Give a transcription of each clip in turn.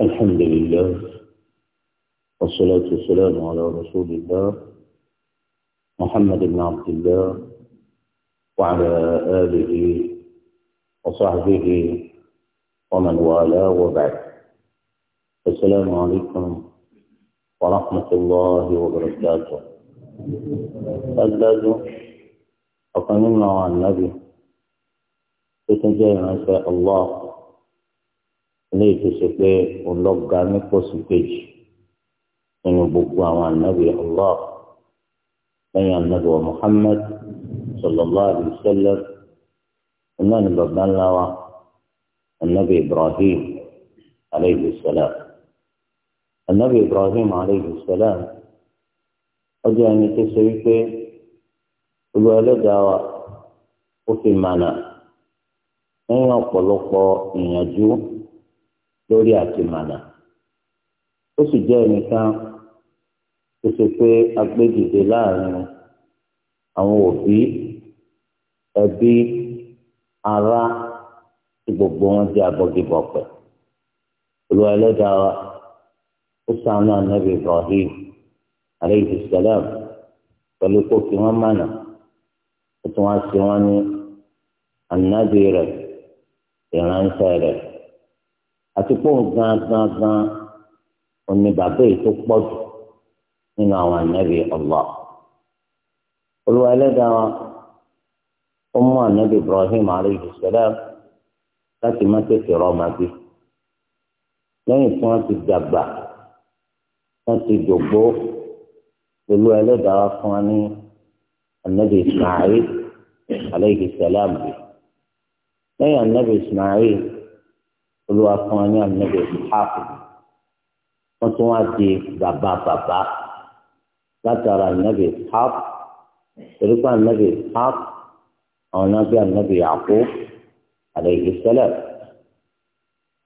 الحمد لله والصلاة والسلام على رسول الله محمد بن عبد الله وعلى آله وصحبه ومن والاه وبعد السلام عليكم ورحمة الله وبركاته أجداد أقنمنا عن النبي بتجاه ما شاء الله ilé ìtúsí pé òun lọ ga nípò sí kejì nínú gbogbo àwọn ànábì Allah lẹ́yìn ànábì wa Muhammad sallallahu alayhi wa sallam iná ni bàbá ńlá wa ànábì Ibrahim alayhi salam ànábì Ibrahim alayhi salam ọjọ́ ẹni tó ṣe wípé olú ẹlẹ́dà wa ó fi mànà lẹ́yìn ọ̀pọ̀lọpọ̀ ìyànjú. lórí àti mànà ó sì jẹ́ ẹnìkan tó ṣe pé agbẹ́dìde láàrin àwọn òbí ẹbí ará tí gbogbo wọn jẹ́ abọ́gibọ̀pẹ̀ olúwa ẹlẹ́dàá wa ó ṣàánú ànábì Ibrahim aleyhi salam pẹ̀lú kó fi wọ́n mànà ó tún wá sí wọn ní ànábì rẹ̀ ìránṣẹ́ rẹ̀ àti pé òun gan gan gan òní bàbá èyí tó pọ̀ jù nínú àwọn ànábì Allah olúwa ẹlẹ́dàá wa ó mú ànábì Ibrahim alayhi salam láti má tètè rọ́ọ̀mà bí lẹ́yìn tí wọ́n ti dàgbà wọ́n ti dògbó olúwa ẹlẹ́dàá wa fún wa ní ànábì Ismail alayhi bí lẹ́yìn ànábì Ismail olúwa fún wa ní ànábì ìhàkù wọn tún wá di bàbá bàbá látara ànábì ìhàkù erékùn ànábì ìhàkù àwọn náà bí ànábì ìhàkù alayhi salam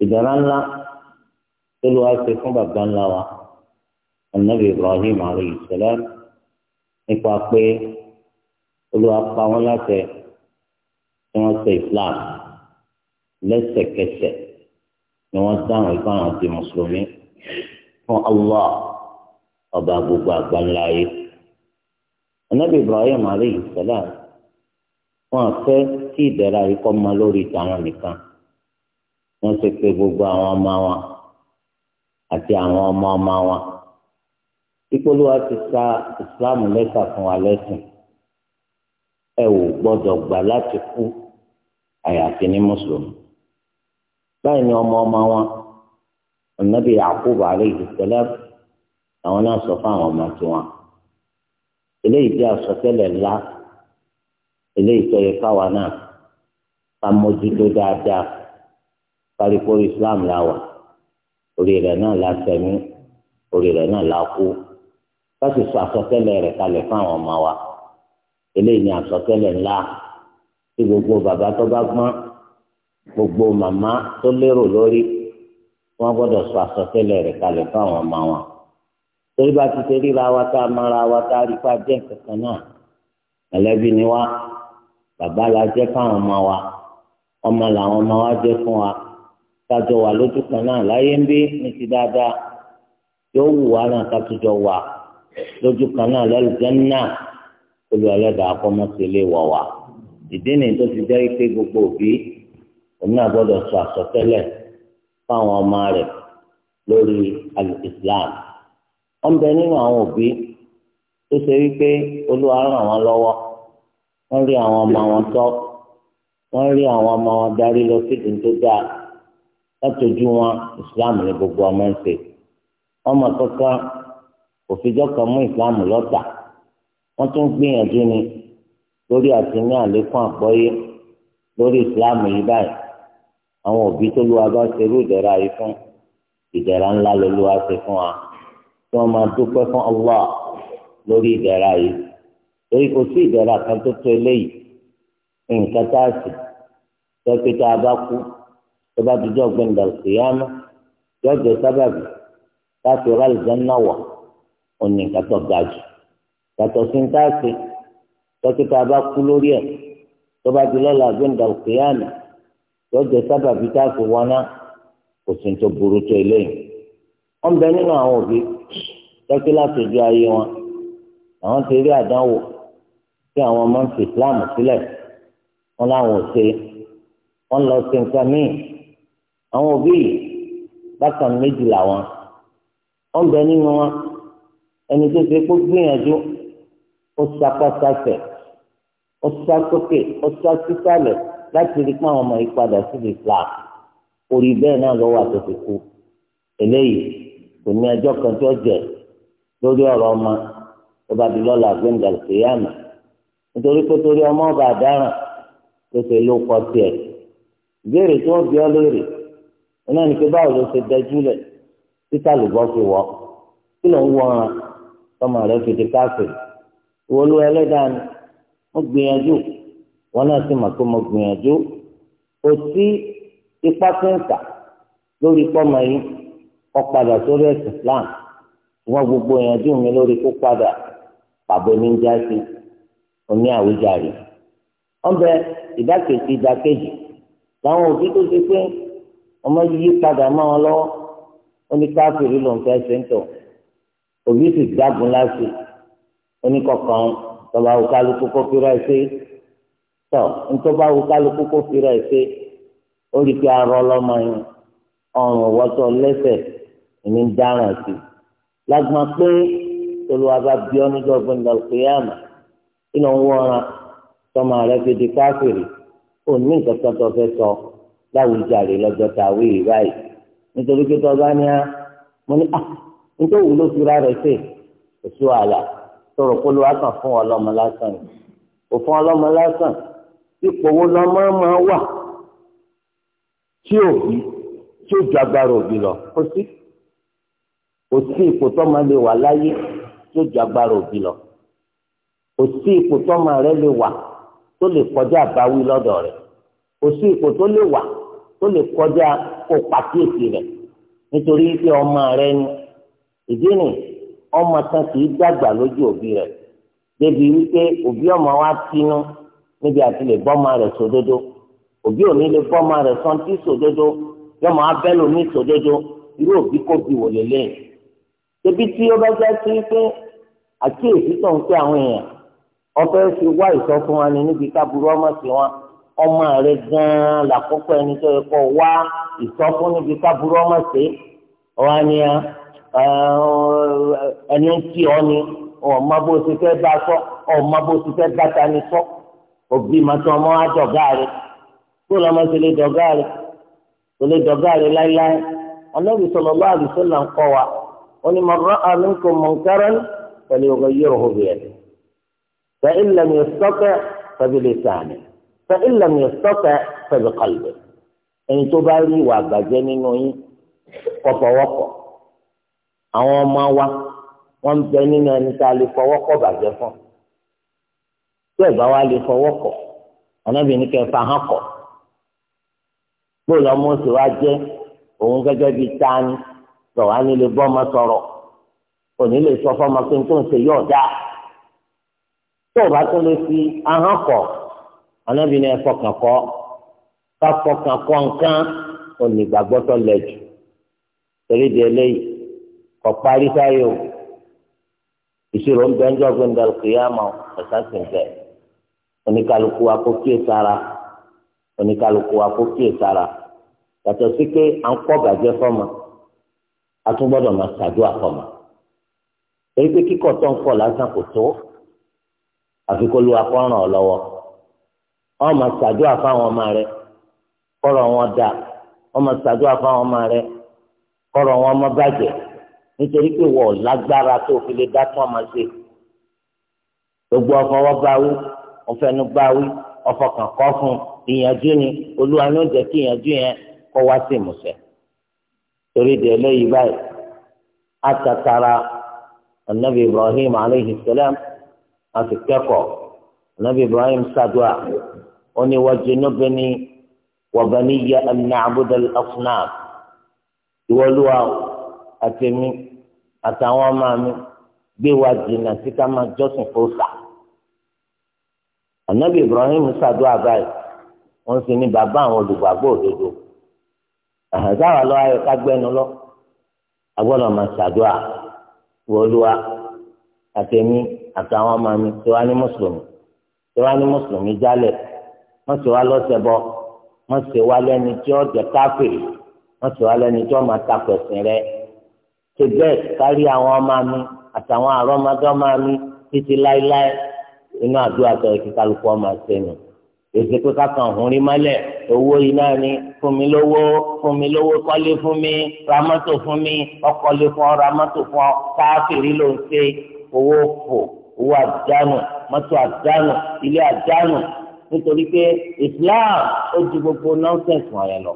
ìdára ńlá olúwa ṣe fún bàbá ńlá wa ànábì ibrahim alayhi salam nípa pé olúwa pa wọn láṣẹ tí wọn ṣe islam lẹ́sẹ̀kẹsẹ̀ ni wọ́n dáhùn ipá àwọn ti mùsùlùmí fún Allah ọba gbogbo àgbáńlá ayé anabi Ibrahim aleyhi salam wọ́n fẹ́ kí ìdẹ̀ra yìí kọ́ ma lórí tàwọn nìkan wọ́n ti pe gbogbo àwọn ọmọ wọn àti àwọn ọmọ ọmọ wọn ìpolówó ti sa Islam lẹ́sà fún wa lẹ́sìn ẹ ò gbọ́dọ̀ gbà láti kú àyàfi ní mùsùlùmí báyìí ni ọmọ ọmọ wọn Ànábì Yakubu alayhi salam àwọn náà sọ fún àwọn ọmọ tiwọn eléyìí jẹ́ àsọtẹ́lẹ̀ ńlá eléyìí tó yẹ káwa náà ká mójútó dáadáa parikori Islam la wà orí rẹ̀ náà la sẹmí orí rẹ̀ náà la kú ká sọ àsọtẹ́lẹ̀ rẹ̀ kalẹ̀ fún àwọn ọmọ wa eléyìí ni àsọtẹ́lẹ̀ ńlá tí gbogbo bàbá tó bá gbọ́n gbogbo màmá tó lérò lórí wọn gbọ́dọ̀ sọ àsọtẹ́lẹ̀ rẹ̀ kalẹ̀ fún àwọn ọmọ wọn torí bá ti ṣe ríra wa tá a mara wa tá a rí pa jẹ́ kankan náà mọ̀lẹ́bí ni wá bàbá la jẹ́ fáwọn ọmọ wa ọmọ làwọn ọmọ wa jẹ́ fún wa kájọ wà lójú kan náà láyé ń bí ní ti dáadáa yóò wù wá náà kájọ wà lójú kan náà lálùjánnà olùwàlẹ́dàá kọ́mọ́sílẹ̀ wọ̀ wá ìdí nìyí tó ti jẹ́ pé gbogbo òbí òun náà gbọ́dọ̀ sọ àsọtẹ́lẹ̀ fáwọn ọmọ rẹ̀ lórí islam wọ́n bẹ nínú àwọn òbí tó ṣe wípé olúwa ràn wọ́n lọ́wọ́ wọ́n rí àwọn ọmọ wọn tọ́ wọ́n rí àwọn ọmọ wọn darí lọ sídìí tó dáa látọjú wọn islam ní gbogbo ọmọ ń ṣe ọmọ kankan òfijọ́ kan mú islam lọ́tà wọ́n tún gbìyànjú ni lórí àti ní àlékún àgbọ́yé lórí islam yìí báyìí àwọn òbí tó lu abá ṣe irú ìdẹ̀ra yìí fún ìdẹ̀ra ńlá ló lu àṣẹ fún wa tí wọ́n máa dúpẹ́ fún Allah lórí ìdẹ̀ra yìí torí kò sí ìdẹ̀ra kan tó tó eléyìí nǹkan tá a sì tẹ́pẹ́ tá a bá kú tó bá dúdú ọ̀gbìn dàlùkìyàmá yọjọ sábàbí láti ọ̀rọ̀ àlùjáná wà òní nǹkan tó ga jù yàtọ̀ sí ń tá bá kú lórí ẹ̀ tó bá dúdú ọ̀gbìn dàlùkìyàmá lọ́jọ́ sábàbí tá a fi wọná kò sí tó burú tó eléyìí. wọ́n bẹ nínú àwọn òbí tọ́kí látòjú ayé wọn àwọn ti rí àdánwò tí àwọn ọmọ ń fi Islam sílẹ̀ wọn láwọn ò ṣe wọn lọ sí nǹkan míì àwọn òbí yìí bákan méjì làwọn wọn bẹ nínú wọn ẹni tó ṣe kó gbìyànjú ó sapá sásẹ̀ ó sá sókè ó sá sísàlẹ̀ láti rí pé àwọn ọmọ yìí padà síbi Islam orí bẹ́ẹ̀ náà lọ́wọ́ àtẹ̀tẹ̀ kú eléyìí kò ní ẹjọ́ kan tí ó jẹ lórí ọ̀rọ̀ ọmọ tó bá di lọ́la gbẹ̀ngà lùkìyàmà nítorí pé torí ọmọ ọba àdáràn tó ṣe ló kọ tiẹ̀ ìbéèrè tí wọ́n bí ọ léèrè iná ní pé báwo ló ṣe dẹjúlẹ̀ títà lùbọ́ fi wọ́ kí ló ń wọ́n tọmọ rẹ fi di káfíìn ìwọ ẹlẹ́dàá ni wọ́n gbìyànjú wọn náà sì mọ̀ pé mo gbìyànjú kò sí ipá tó ń tà lórí pọ́mọ yìí kọ́ padà sórí ẹ̀sìn Islam wọn gbogbo ìyànjú mi lórí kó padà pàbó ní jáde oní àwíjàre wọn bẹ ìdákejì ìdákejì làwọn òbí tó ti pé ọmọ yìí padà mọ́ wọn lọ́wọ́ ó ló ń fẹ́ sẹńtọ òbí sì dágun láti oníkọkàn tọba òkàlùkù kọfíra ẹsẹ tọ nítorí bá wo kálukú kó fi rẹ̀ ṣe ó rí i pé arọ lọ́mọ yẹn ọrùn wọ́tọ̀ lẹ́sẹ̀ ní dáràn sí i lágbọ́n pé olùwàbá bí ọ́ níjọ́ gbẹ̀ngàn kéyàmà ìnà wọ́ọ̀ràn tọmọ rẹ fi di káfíìrì ó ní nǹkan kan tó fẹ́ sọ láwùjáre lọ́jọ́ tàwé ìráyè nítorí pé tọ́ba ní á mo ní ah nítorí wúlò fira rẹ̀ sè èso àlà tọrọ kó ló wá fún ọlọ́mọ lásán ò fún ọlọ́mọ lásán ipò wo lọ́mọ máa wà tí òbí tí ó ju agbára òbí lọ kò sí kò sí ipò tó máa lè wà láyé tí ó ju agbára òbí lọ kò sí ipò tó máa rẹ lè wà tó lè kọjá àbáwí lọ́dọ̀ rẹ̀ kò sí ipò tó lè wà tó lè kọjá kó pàkíyèsí rẹ̀ nítorí pé ọmọ rẹ ni ìdí ni ọmọ kan kì í dàgbà lójú òbí rẹ̀ débi wípé òbí ọmọ wa tinú níbi àti lè bọ́mọ rẹ̀ sòdodo òbí òní lè bọ́mọ rẹ̀ sọ́ńtì sòdodo yọmọ abẹ́lò ní sòdodo irú òbí kò bí wò lè léyìn. ṣebí tí ó bá jẹ́ sí pé àkíyèsí tó ń pé àwọn èèyàn ọ̀fẹ́ fi wá ìsọfún wa ni níbi káàbùrú ọmọ sí wọn ọmọ rẹ gan-an làkọ́kọ́ ẹni tó yẹ kó wá ìsọfún níbi káàbùrú ọmọ sí wa ni ah, ah, ẹni tí ọ ni ọmọ bó ti fẹ́ bá sọ ọmọ bó ti fẹ́ bá ta ni sọ òbí màtí ọmọ wa dọ̀gá rẹ̀ kó lọ́mọ ti lè dọ̀gá rẹ̀ kò lè dọ̀gá rẹ̀ láíláí Ànábì sallallahu alaihi wasallam ń kọ́ wa wọ́n ní man ra'a minkum munkaran falyughayyirhu biyadihi fa in lam yastati' fa bilisanihi fa in lam yastati' fa biqalbihi ẹni tó bá rí ìwà àgbàjẹ́ nínú yín kó àwọn ọmọ wa wọ́n ń tí ẹ̀ bá wá lè fọwọ́ kọ̀ ànábì ní kẹfà hàn kọ̀ gbọ́dọ̀ mọ́sí wa jẹ́ òun gẹ́gẹ́ bíi tani sọ̀rọ̀ á nílé bọ́mọ sọ̀rọ̀ òní lè sọ fọmọ pé tó ń ṣe yóò dáa tó o bá tún lè fi ahọ́n kọ̀ ànábì ní ẹ̀fọ́ kàn kọ́ káfọ́ kàn kọ́ nǹkan òní lẹ̀ jù torí di eléyìí kọ̀ parí sáyò ìṣirò ń bẹ́ńjọ́ gbẹ̀ndàlùkìyàmọ̀ ọ̀sán sì ń bẹ̀rẹ̀ oníkálukú wa kó kíyè sára oníkálukú wa kó kíyè sára yàtọ̀ sí pé à ń kọ́ gàjẹ́ fọ́mọ a tún gbọ́dọ̀ máa ṣàdúrà fọ́mọ èyí pé kíkọ̀ tó ń kọ̀ lásán kò tó àfi kó lu akọ́ràn ọ lọ́wọ́ wọ́n máa ṣàdúrà fáwọn ọmọ rẹ kọ́rọ̀ wọn dà wọ́n máa ṣàdúrà fáwọn ọmọ rẹ kọ́rọ̀ wọn má bàjẹ́ nítorí pé wọ́n lágbára tó fi lè dá tó ọmọ ṣe gbogbo ọkọ̀ wọ́n bá wú ọ̀fẹ́nu báwí ọ̀fọkàn kọ́ fún ìyànjú ni olúwa ló jẹ́ kí ìyànjú yẹn kọ́ wá sí ìmúṣẹ. torí di eléyìí báyìí àtàtàrà anabi ibrahim aleyhi salam àti kẹ́kọ̀ọ́ anabi ibrahim sadua ó ní wájú níbẹ̀ni yẹ ẹ̀mí àbúdàl ọ̀fúnà ìwọlúwa àtẹ̀mí àtàwọn ọmọ mi gbé wa jìnnà sí máa jọ́sìn fún sáà ànábì ibrahim ṣàdúrà báyìí wọ́n sì ní bàbá àwọn olùgbàgbọ́ òdodo àhàzáwà lọ ayọ kágbẹnu lọ agbọ́dọ̀ máa ṣàdúrà wọlúwa àtẹmí àtàwọn ọmọ mi tí wàá ní mùsùlùmí tí wàá ní mùsùlùmí jálẹ̀ wọ́n sì wá lọsẹbọ wọ́n sì wá lẹ́ni tí ó jẹ káfíìrì wọ́n sì wá lẹ́ni tí ó máa takọ ẹ̀sìn rẹ̀ ṣe bẹ́ẹ̀ kárí àwọn ọmọ mi àtàwọn àrọmọdọ́mọ mi títí láéláé inú àdúrà tó kí kálukú ọmọ àṣẹ nù èsì pé kákan ọ̀hún rí mọ́lẹ̀ owó iná ni fún mi lówó fún mi lówó kọ́lé fún mi ra mọ́tò fún mi ọkọ̀lé fún ọ ra mọ́tò fún ọ káfíìrì ló ń ṣe owó fò owó àdánù mọ́tò àdánù ilé àdánù nítorí pé Islam ó ju gbogbo nọ́ńsẹ̀nsì wọ̀nyẹn lọ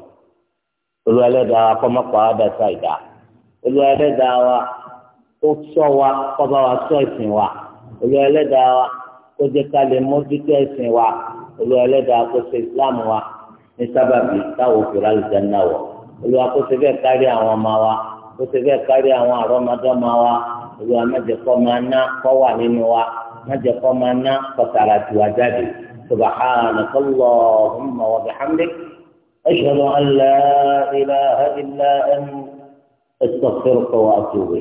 olùwàlẹ́dà wa kọ́ mọ́pọ̀ àdàtà ìdá olùwàlẹ́dà wa ó sọ wa kọ́ bá wa sọ ìsìn wa olùwàlẹ́dà wa kó jẹ́ ká lè mójútó ẹ̀sìn wa olúwa ẹlẹ́dàá kó ṣe islam wa ní sábàbí táwọn òkúra àlùjánnà wọ̀ olúwa kó ṣe bẹ́ẹ̀ kárí àwọn ọmọ wa kó ṣe bẹ́ẹ̀ kárí àwọn àrọ́mọdọ́mọ wa olúwa má jẹ́ kó máa ná kó wà nínú wa má máa ná kó tààrà tù wá jáde subhanaka allahumma wa bihamdik ashhadu an la ilaha illa anta astaghfiruka wa atubu